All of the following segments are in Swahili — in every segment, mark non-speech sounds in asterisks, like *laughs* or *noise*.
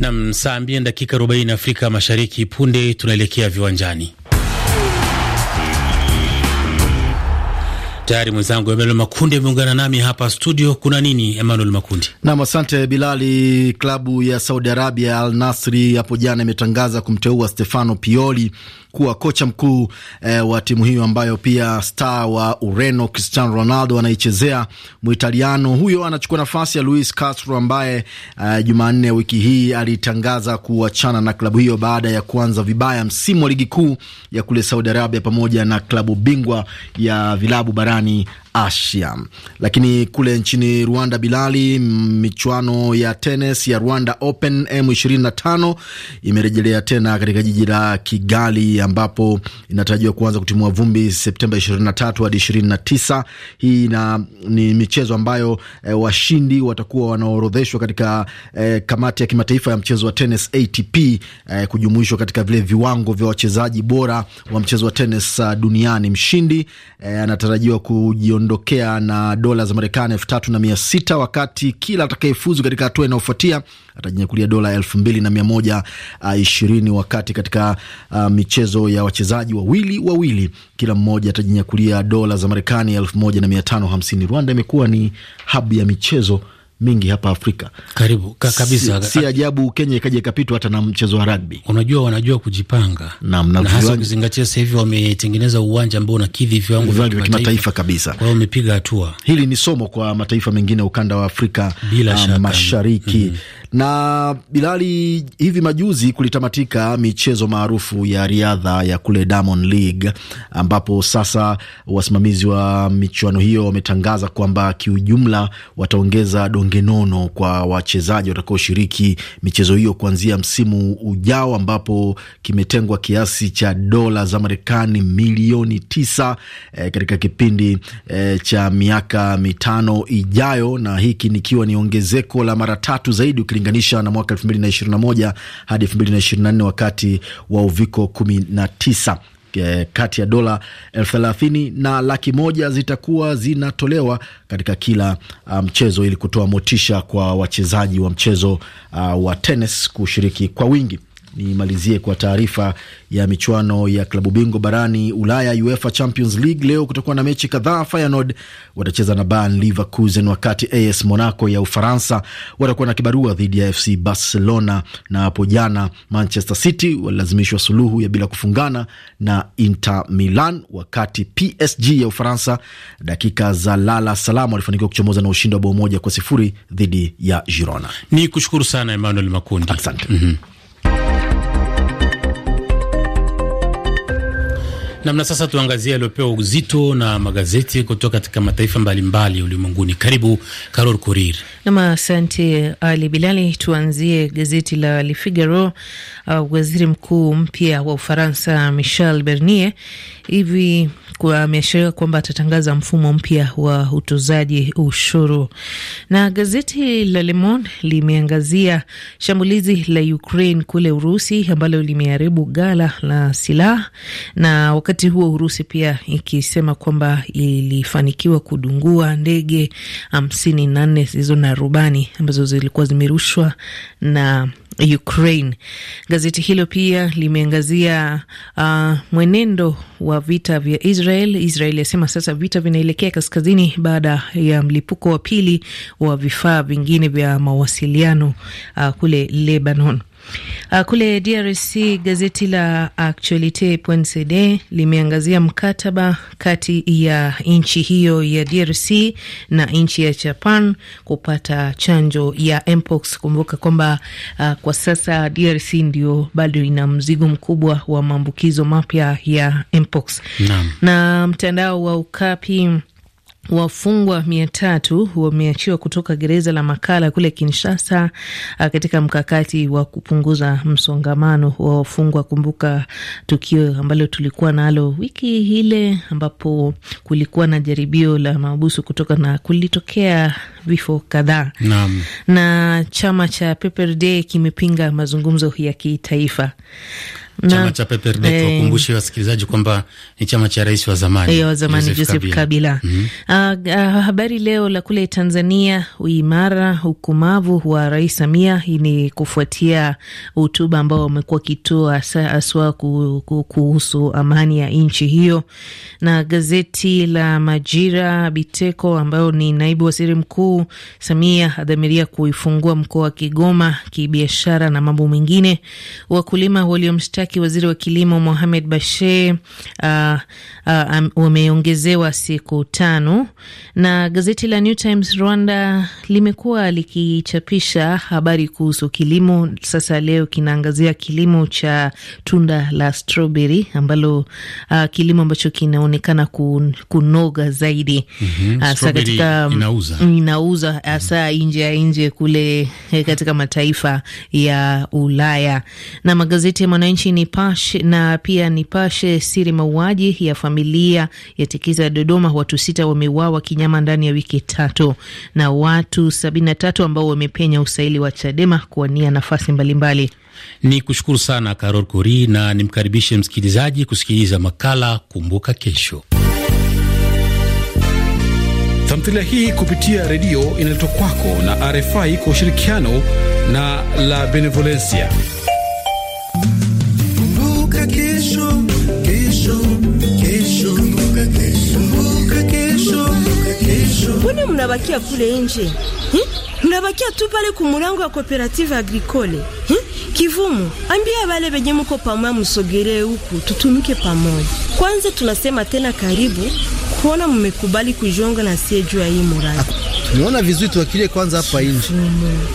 Nam, saa mbili na dakika arobaini Afrika Mashariki. Punde tunaelekea viwanjani. Tayari mwenzangu Emmanuel Makundi ameungana nami hapa studio. Kuna nini Emmanuel Makundi? Nam, asante Bilali. Klabu ya Saudi Arabia Al Nasri hapo jana imetangaza kumteua Stefano Pioli kuwa kocha mkuu eh, wa timu hiyo ambayo pia star wa Ureno Cristiano Ronaldo anaichezea. Muitaliano huyo anachukua nafasi ya Luis Castro ambaye eh, Jumanne wiki hii alitangaza kuachana na klabu hiyo baada ya kuanza vibaya msimu wa ligi kuu ya kule Saudi Arabia pamoja na klabu bingwa ya vilabu barani Asia. Lakini kule nchini Rwanda, Bilali, michuano ya tenis ya Rwanda Open M25 imerejelea tena katika jiji la Kigali, ambapo inatarajiwa kuanza kutimua vumbi Septemba 23 hadi 29. Hii na, ni michezo ambayo eh, washindi watakuwa wanaorodheshwa katika eh, kamati ya kimataifa ya mchezo wa tenis ATP, eh, kujumuishwa katika vile viwango vya wachezaji bora wa mchezo wa tenis ah, duniani. Mshindi eh, anatarajiwa kujion kuondokea na dola za Marekani elfu tatu na mia sita wakati kila atakayefuzu katika hatua inayofuatia atajinyakulia dola elfu mbili na mia moja ah, ishirini wakati katika uh, michezo ya wachezaji wawili wawili kila mmoja atajinyakulia dola za Marekani elfu moja na mia tano hamsini. Rwanda imekuwa ni hub ya michezo mingi hapa Afrika. Karibu kabisa, si ajabu Kenya ikaja ikapitwa hata na mchezo wa rugby. Unajua, wanajua kujipanga na, na hasa sasa hivi wametengeneza uwanja ambao unakidhi viwango vya kimataifa kabisa, kwa hiyo wamepiga hatua. Hili ni somo kwa mataifa mengine ukanda wa Afrika bila um, mashariki mm -hmm. Na Bilali, hivi majuzi kulitamatika michezo maarufu ya riadha ya kule Diamond League, ambapo sasa wasimamizi wa michuano hiyo wametangaza kwamba kiujumla wataongeza donge nono kwa wachezaji watakaoshiriki michezo hiyo kuanzia msimu ujao, ambapo kimetengwa kiasi cha dola za Marekani milioni tisa e, katika kipindi e, cha miaka mitano ijayo, na hiki nikiwa ni ongezeko la mara tatu zaidi ukilinganisha na mwaka 2021 hadi 2024 wakati wa uviko 19 kati ya dola elfu thelathini na laki moja zitakuwa zinatolewa katika kila uh, mchezo um, ili kutoa motisha kwa wachezaji wa mchezo uh, wa tenis kushiriki kwa wingi. Nimalizie kwa taarifa ya michuano ya klabu bingwa barani Ulaya, UEFA Champions League. Leo kutakuwa na mechi kadhaa. Feyenoord watacheza na Bayer Leverkusen, wakati AS Monaco ya Ufaransa watakuwa na kibarua dhidi ya FC Barcelona, na hapo jana Manchester City walilazimishwa suluhu ya bila kufungana na Inter Milan, wakati PSG ya Ufaransa dakika za lala salama walifanikiwa kuchomoza na ushindi wa bao moja kwa sifuri dhidi ya Girona. Ni kushukuru sana Emmanuel Makundi, asante. Mhm. Namna sasa, tuangazie aliopewa uzito na magazeti kutoka katika mataifa mbalimbali ulimwenguni. Karibu Karol Kurir. Nam, asante Ali Bilali. Tuanzie gazeti la Le Figaro. Uh, waziri mkuu mpya wa Ufaransa Michel bernier hivi ameashiria kwamba atatangaza mfumo mpya wa utozaji ushuru. Na gazeti la Le Monde limeangazia shambulizi la Ukraine kule Urusi ambalo limeharibu gala la silaha, na wakati huo Urusi pia ikisema kwamba ilifanikiwa kudungua ndege hamsini na nne zilizo na rubani ambazo zilikuwa zimerushwa na Ukraine. Gazeti hilo pia limeangazia uh, mwenendo wa vita vya Israel. Israel yasema sasa vita vinaelekea kaskazini baada ya mlipuko wa pili wa vifaa vingine vya mawasiliano uh, kule Lebanon. Uh, kule DRC gazeti la Actualite limeangazia mkataba kati ya nchi hiyo ya DRC na nchi ya Japan kupata chanjo ya mpox. Kumbuka kwamba uh, kwa sasa DRC ndio bado ina mzigo mkubwa wa maambukizo mapya ya mpox na, na mtandao wa Ukapi Wafungwa mia tatu wameachiwa kutoka gereza la Makala kule Kinshasa ah, katika mkakati wa kupunguza msongamano wa wafungwa. Kumbuka tukio ambalo tulikuwa nalo wiki ile ambapo kulikuwa na jaribio la mahabusu kutoka na kulitokea vifo kadhaa, na chama cha PPRD kimepinga mazungumzo ya kitaifa chama cha Peperd e, eh. wakumbushi wasikilizaji kwamba ni chama cha rais wa zamani hey, wa zamani Joseph Kabila. mm -hmm. Uh, uh, habari leo la kule Tanzania, uimara ukumavu wa Rais Samia. Hii ni kufuatia hotuba ambao wamekuwa wakitoa haswa kuhusu amani ya nchi hiyo, na gazeti la Majira, Biteko ambayo ni naibu waziri mkuu Samia adhamiria kuifungua mkoa wa Kigoma kibiashara na mambo mengine. Wakulima waliomshtaki kumshtaki waziri wa kilimo Mohamed Bashe uh, uh, wameongezewa siku tano. Na gazeti la New Times Rwanda limekuwa likichapisha habari kuhusu kilimo. Sasa leo kinaangazia kilimo cha tunda la strawberry ambalo, uh, kilimo ambacho kinaonekana kun, kunoga zaidi mm -hmm. katika inauza, inauza hasa mm -hmm. nje ya nje kule eh, katika mataifa ya Ulaya na magazeti ya Mwananchi Nipashe na pia Nipashe siri mauaji ya familia ya Tikiza ya Dodoma, watu sita wameuawa kinyama ndani ya wiki tatu, na watu sabini na tatu ambao wamepenya usaili wa Chadema kuwania nafasi mbalimbali. Ni kushukuru sana Karol Kori na nimkaribishe msikilizaji kusikiliza makala Kumbuka Kesho. Tamthilia hii kupitia redio inaletwa kwako na RFI kwa ushirikiano na La Benevolencia. Mbona mnabakia kule nje hmm? Mnabakia tu pale kumulango ya kooperative agricole hmm? Kivumu, ambia wale wenye muko pamoja msogere huku tutumike pamoja. Kwanza tunasema tena karibu kuona mmekubali kujonga na siejua hii muradi Niona vizuri tuwakilie kwanza hapa nje.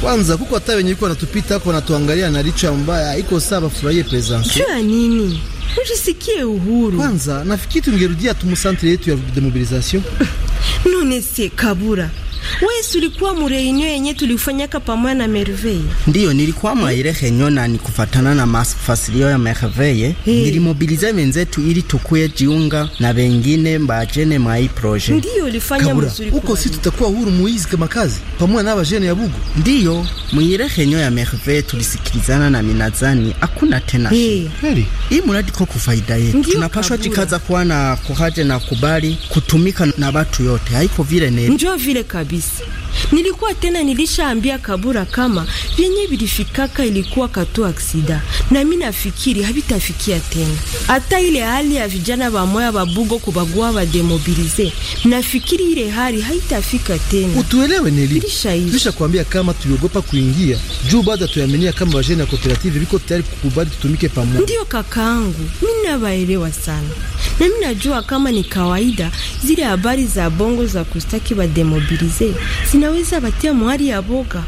Kwanza kuko hata wenye iko natupita hapo natuangalia na licha mbaya iko sawa bafurahie presence. Kwa nini? Ujisikie uhuru. Kwanza nafikiri tungerudia tumu yetu ya demobilisation. *laughs* None se kabura. We sulikuwa mureinyo yenye tulifanyaka pamoja na Merveille? Ndiyo, nilikuwa ile henyo na nikufatana na mafasilio ya Merveille. Hey. Nilimobilize wenzetu ili tukuye jiunga na wengine mbajene mwa hii proje. Ndiyo, ulifanya mzuri. kwa huko. si tutakuwa huru muizi kama kazi pamoja na bajene ya Bugu. Ndiyo, mwire henyo ya Merveille tulisikilizana na minazani hakuna tena. Hey. Heli, Hii mradi kwa kufaida yetu. Tunapashwa jikaza kuwa na kuhaje na kubali kutumika na watu yote. Haiko vile nene. Njoo vile kabisa kabisa. Nilikuwa tena nilishaambia Kabura kama vyenye vilifikaka ilikuwa katu aksida, na mimi nafikiri havitafikia tena, hata ile hali ya vijana wa moya babugo kubagua wa demobilize. Nafikiri ile hali haitafika tena. Utuelewe Neli, tulisha kuambia kama tuliogopa kuingia juu, bada tuyamenia kama wajeni ya kooperative viko tayari kukubali tutumike pamoja. Ndiyo kakaangu, mimi nabaelewa sana mimi najua kama ni kawaida zile habari za bongo za kustaki bademobilize zinaweza batia mwari ya boga,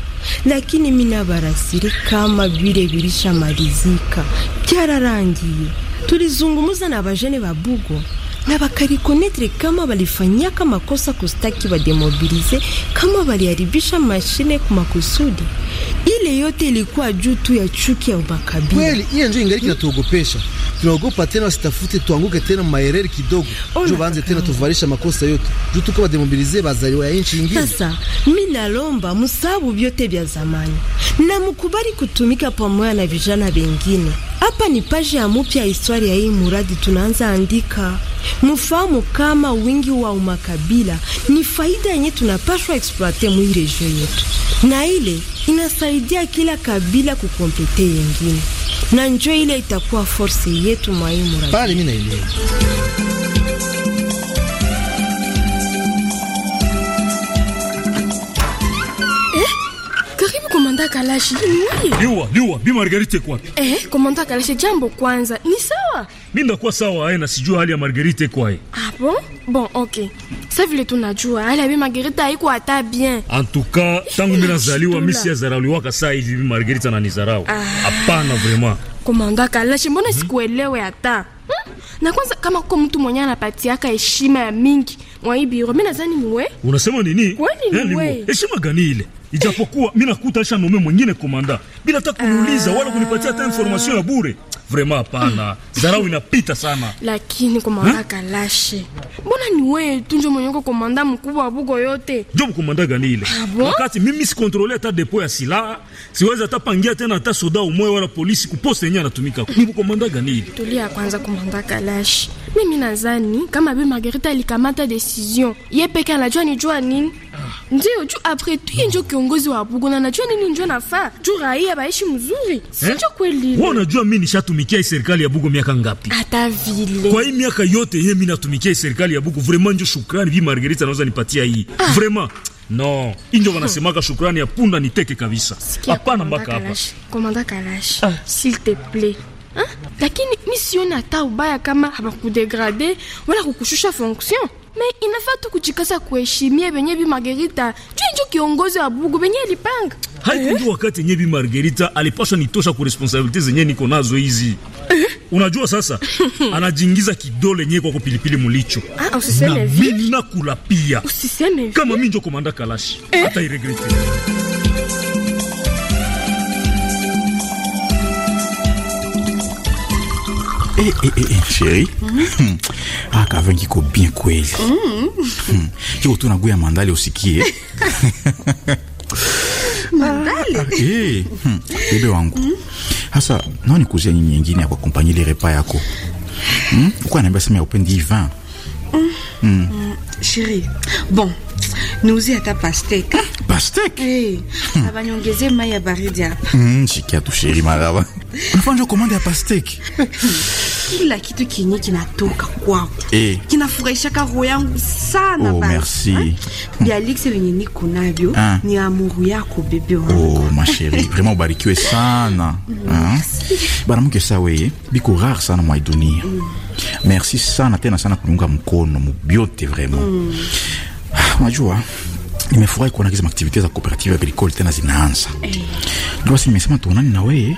lakini minabarasiri kama vile bilisha marizika byararangiye. Tulizungumuza na bajene ba Bugo na bakarikonetre kama balifanyaka makosa kustaki bademobilize, kama baliharibisha mashine kumakusudi. Ile yote ilikuwa juu tu ya chuki ya makabila. Kweli hiyo ndio ingaliki natuogopesha hmm? tunaogopa tena sitafute tuanguke tena maereri kidogo, oh, ndio waanze tena tuvalisha makosa yote, ndio tuko bademobilize bazaliwa ya nchi nyingine. Sasa mi nalomba musabu vyote vya zamani na mukubali kutumika pamoja na vijana wengine. Hapa ni paji ya mupya ya hii muradi tunaanza andika mufahamu kama wingi wa umakabila ni faida yenye tunapashwa exploite mu region yetu, na ile inasaidia kila kabila kukomplete yengine na njoo ile itakuwa force yetu muhimu pale. Mimi naelewa eh? Kalashi bi Margarite kwa eh, komanda Kalashi, jambo kwanza, ni sawa? Mimi ndakuwa sawa aye, na sijua hali ya Margarite Ah bon Bon, okay. Sasa vile tunajua hali ya Margarita haiko hata bien. en tout Antuka tangu mimi nazaliwa mimi siazarauliwaka saa hivi bibi Margarita ananizarau. Ah. Hapana vraiment. Komanda Kalashi, mbona sikuelewe hata? Hmm? Na kwanza kama uko mtu mwenye anapatiaka heshima ya mingi mwaibiro, mimi nadhani niwe. Unasema nini? Kwani niwe? Heshima gani ile? Ijapokuwa mimi nakuta aisha nome mwingine komanda bila hata kuniuliza ah. wala kunipatia hata information ya bure vraiment hapana, zarau inapita sana. Lakini kwa komanda lashe mbona ni wewe tu ndio mwenye uko komanda mkubwa wa bugo yote? Jobu komanda gani ile? Ah Wakati mimi si kontrole hata depo ya silaha, siwezi hata pangia tena hata soda au moyo wala polisi kuposte yenyewe anatumika. Ni komanda gani ile? Tulia kwanza komanda Kalashe. Mimi nadhani kama Bi Margarita alikamata decision, ye peke anajua ni jua nini? Ah. Ndio tu après tu ndio kiongozi wa bugo na anajua nini ndio nafaa. Tu raia baishi mzuri. Si eh? kweli? Wewe unajua mimi nishatu minatumikia serikali ya Bugo miaka ngapi? Hata vile. Kwa hii miaka yote yeye minatumikia serikali ya Bugo, vraiment ndio shukrani bi Margarita anaweza nipatia hii. Ah. Vraiment. No, injo hmm. wanasemaka shukrani ya punda ni teke kabisa. Hapana mpaka hapa. Komanda Kalash. Ah. S'il te plaît. Hein? Lakini mimi sioni hata ubaya kama habakudegrade wala kukushusha fonction me inafaa tu kujikaza kuheshimia benye bi Margarita juu kiongozi wa bugu venye alipanga haikunjua eh? wakati yenye bi Margarita alipashwa nitosha ku responsibility zenye niko nazo hizi eh? Unajua sasa *laughs* anajiingiza kidole nye kwa kupilipili mulicho. Ah, usiseme vile. Mimi nakula pia. Usiseme Kama mimi ndio komanda Kalashi, eh? Hata iregrete. Eh, eh, eh, eh chéri mm mm-hmm. ah, mm-hmm. -hmm. bien kweli mm -hmm. yo tu naguya mandali usikie mandali bebe wangu hasa mm-hmm. ah, naoni kuzia nini nyingine ya kuakompanye repas yako hmm? ukuwa naambia sema ya upendi vin chéri bon niuzie hata pasteke pasteke abanyongeze mai ya baridi hapa shikia tu sheri maraba Ulikuwa ndio komanda ya pasteki. Kila kitu kenye kinatoka kwako eh, kinafurahisha roho yangu sana. Oh, merci bia Alex, niko navyo ni amuru yako bebe wangu. Oh, ma chérie vraiment ubarikiwe sana bana mke sawe, biko rare sana mwa dunia. Mm. Merci sana tena sana kuniunga mkono mubyote vraiment. Unajua mm. ah, nimefurahi kuona kizi maaktivite za cooperative ya Berikol tena zinaanza. Eh. basi nimesema tuonane na wewe eh?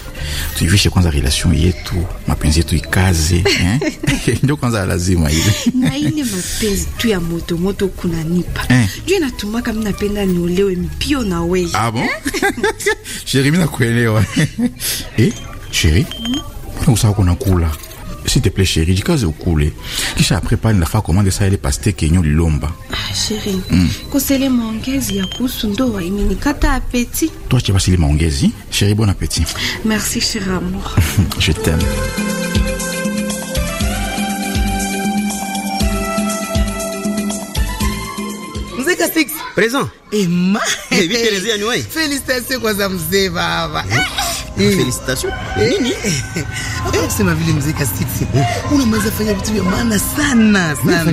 tuivishe kwanza relation yetu, mapenzi yetu ikaze eh? *laughs* ndio kwanza lazima ile na ile mapenzi tu ya moto moto kunanipa eh. Juu natumaka mimi napenda niolewe mpio na wewe. Ah bon? Sheri, *laughs* mimi nakuelewa *laughs* eh, sheri, mbona usahau kuna kula S'il te plaît, chérie, dis kazi ukule. Kisha prepare nafaa komanda saa ile pasteki yenye lomba. Ah, chérie. Hmm. les Mm. Kosele maongezi ya kuhusu ndoa imenikata apeti. Tuache basi les maongezi. Chérie, bon appétit. Merci, chéri amour. *laughs* Je t'aime. Mzeka 6. Présent. et Emma. Hey, Vitelezi anyway. Félicitations kwanza va baba. E. Eh. Felicitations. Eh. Nini? Hapo kusema vile mzee Kastiti. Eh. Unamaliza fanya vitu vya maana sana sana.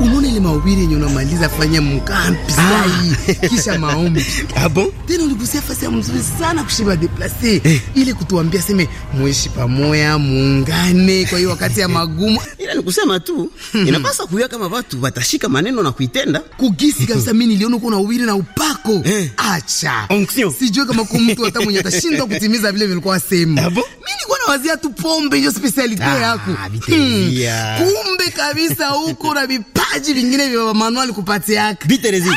Unaona ile mahubiri yenye unamaliza fanya mkampi sai ah. *laughs* kisha maombi. Ah bon? Tena ulikusia fasi ya mzuri sana kushiba deplace eh, ili kutuambia seme muishi pamoja muungane kwa hiyo wakati ya magumu. *laughs* Ila nikusema tu inapasa kuya kama watu watashika maneno na kuitenda. Kugisi kabisa mimi niliona uko na uhubiri na upako. Eh. Acha. onksio Sijui kama kwa mtu hata mwenye atashindwa *laughs* kutimiza vile vilikuwa sema. Ah bon? Mimi na wazia tu pombe hiyo speciality yako. Ah, hmm. Kumbe kabisa huko na bipa vipaji vingine vya Manuel alikupatiaka viterezi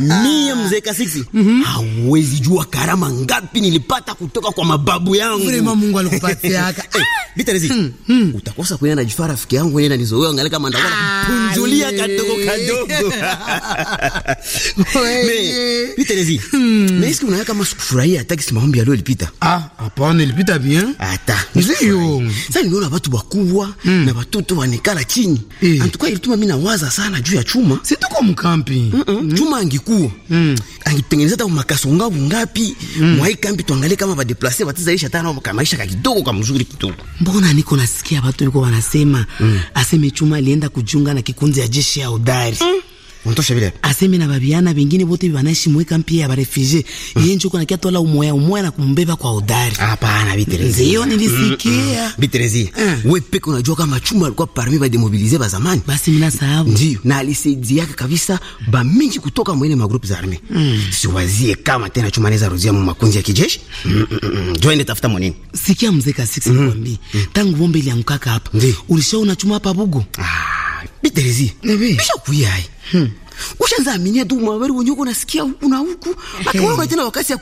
*laughs* mie mzee Kasiksi mhm. hawezi jua karama ngapi nilipata kutoka kwa mababu yangu. Vrema Mungu alikupatiaka *laughs* hey, eh, viterezi mm -hmm. utakosa kuenda na jifara rafiki yangu yeye ananizoea, angalia kama ndakuwa nakupunjulia kadogo kadogo *laughs* me viterezi mm. me iski unaona kama sikufurahia hata kisi maombi yaliyopita. Ah, hapana, ilipita bien hata ndio sasa, niona watu wakubwa mm. na watoto wanikala chini eh. antukwa ilituma mimi nawaza anawaza sana juu ya chuma. Si tuko mkampi mm -mm. chuma angikuwa mm. angitengeneza hata makasonga ngapi? mm. mwai kampi, tuangalie kama ba deplacer batizaisha tana kama maisha ka kidogo kama mzuri kidogo. Mbona niko nasikia watu wiko wanasema mm. aseme chuma alienda kujiunga na kikunzi ya jeshi ya udari mm. Mtosha vile. Aseme na babiana wengine wote wanaishi mweka mpia ya barefije. Mm. Yeye njoko anakia tola umoya umoya na kumbeba kwa udari. Hapana Biterezi. Ndio nilisikia. Hmm, hmm, mm, Biterezi. Mm. Wewe peke unajua kama chumba alikuwa parmi ba demobilize ba zamani. Basi mimi nasahau. Ndio. Na alisaidia kabisa ba mingi kutoka mwene ma group za army. Mm. wazie kama tena chuma anaweza rudia mu makundi ya kijeshi. Mm, mm, hmm, mm. Joende tafuta mwanini. Sikia mzee ka 6 nikwambie. Mm. Tangu bombe ilianguka hapa. Ulishaona chuma hapa bugu? Ah. bidherezi eh bishakuyayi hmm. ushanzaaminia tu mwawari wenye uko nasikia huku na huku, tena wakati ya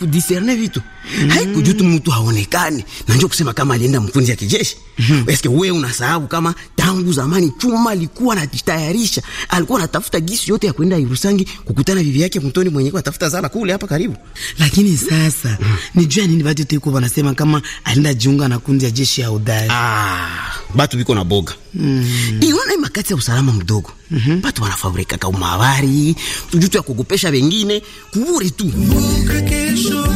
vitu mm. mtu haonekani, na kusema kama alienda ya kijeshi mm. Eske unasahau kama tangu zamani Chuma alikuwa anajitayarisha, alikuwa anatafuta gisi yote ya kwenda Irusangi kukutana bibi yake mtoni mwenye kwa tafuta zala kule hapa karibu, lakini sasa mm. nini watu tuko wanasema kama alienda jiunga na kundi ya jeshi ya ah, batu biko na boga mm. iona makati ya usalama mdogo mm -hmm. Batu wanafabrika kaumawari tujutu ya kugopesha wengine kubure tu mm -hmm.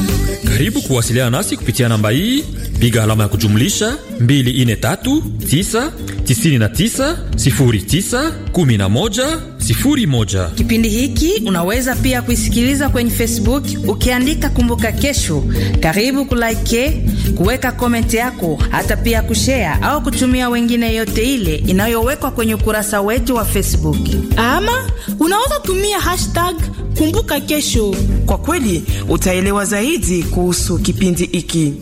Karibu kuwasiliana nasi kupitia namba hii, piga alama ya kujumlisha 24399091101. Kipindi hiki unaweza pia kuisikiliza kwenye Facebook ukiandika Kumbuka Kesho. Karibu kulike, kuweka komenti yako, hata pia kushea au kutumia wengine, yote ile inayowekwa kwenye ukurasa wetu wa Facebook, ama unaweza tumia hashtag Kumbuka Kesho. Kwa kweli utaelewa zaidi kuhusu kipindi hiki.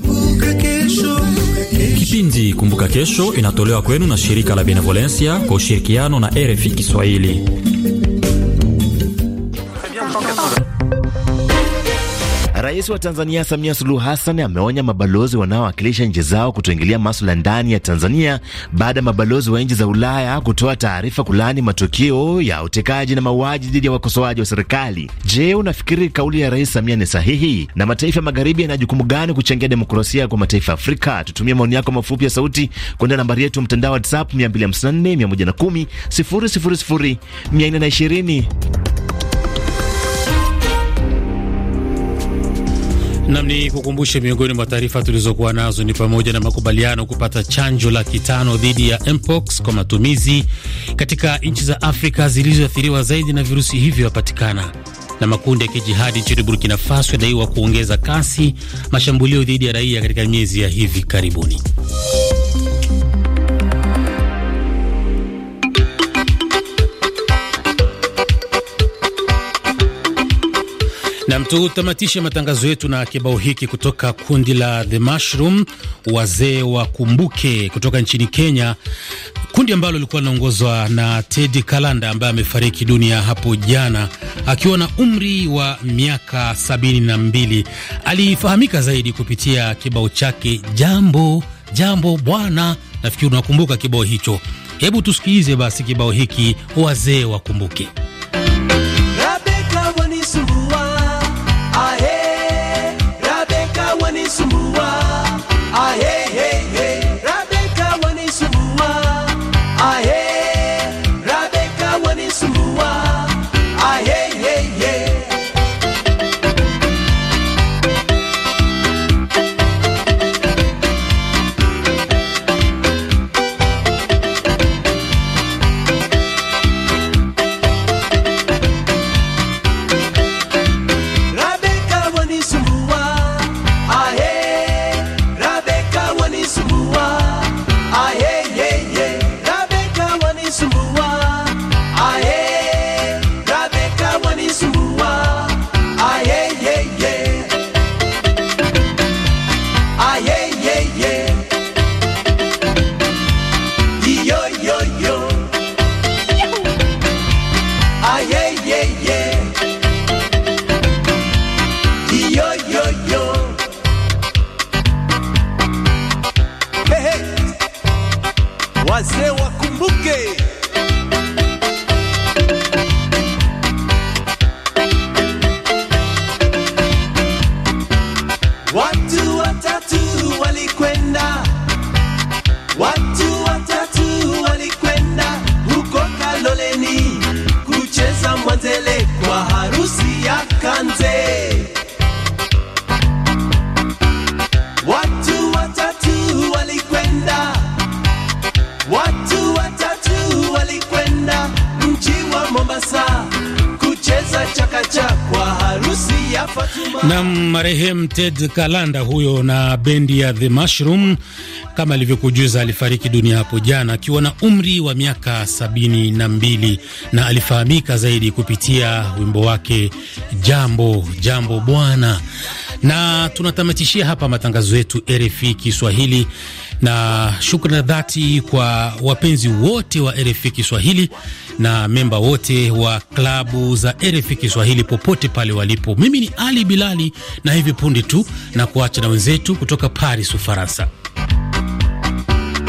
Kipindi Kumbuka Kesho inatolewa kwenu na shirika la Benevolencia kwa ushirikiano na RFI Kiswahili. Rais wa Tanzania Samia Suluhu Hassan ameonya mabalozi wanaowakilisha nchi zao kutoingilia maswala ndani ya Tanzania baada ya mabalozi wa nchi za Ulaya kutoa taarifa kulani matukio ya utekaji na mauaji dhidi ya wakosoaji wa serikali. Je, unafikiri kauli ya Rais Samia ni sahihi na mataifa magharibi yana jukumu gani kuchangia demokrasia kwa mataifa ya Afrika? Tutumie maoni yako mafupi ya sauti kwenda nambari yetu mtandao WhatsApp 254 110 000 420. Nam ni kukumbushe, miongoni mwa taarifa tulizokuwa nazo ni pamoja na makubaliano kupata chanjo laki tano dhidi ya mpox kwa matumizi katika nchi za Afrika zilizoathiriwa zaidi na virusi hivyo yapatikana, na makundi ya kijihadi nchini Burkina Faso yadaiwa kuongeza kasi mashambulio dhidi ya raia katika miezi ya hivi karibuni. Nam, tutamatishe matangazo yetu na kibao hiki kutoka kundi la The Mushroom, wazee wa kumbuke kutoka nchini Kenya, kundi ambalo lilikuwa linaongozwa na Teddy Kalanda ambaye amefariki dunia hapo jana akiwa na umri wa miaka sabini na mbili. Alifahamika zaidi kupitia kibao chake jambo jambo bwana. Nafikiri unakumbuka kibao hicho. Hebu tusikilize basi kibao hiki, wazee wakumbuke. I wazee wakumbuke na marehemu Ted Kalanda huyo na bendi ya The Mushroom kama alivyokujuza, alifariki dunia hapo jana akiwa na umri wa miaka sabini na mbili, na alifahamika zaidi kupitia wimbo wake jambo jambo bwana. Na tunatamatishia hapa matangazo yetu RFI Kiswahili, na shukrani dhati kwa wapenzi wote wa RFI Kiswahili na memba wote wa klabu za RFI Kiswahili popote pale walipo. Mimi ni Ali Bilali, na hivi punde tu na kuacha na wenzetu kutoka Paris, Ufaransa.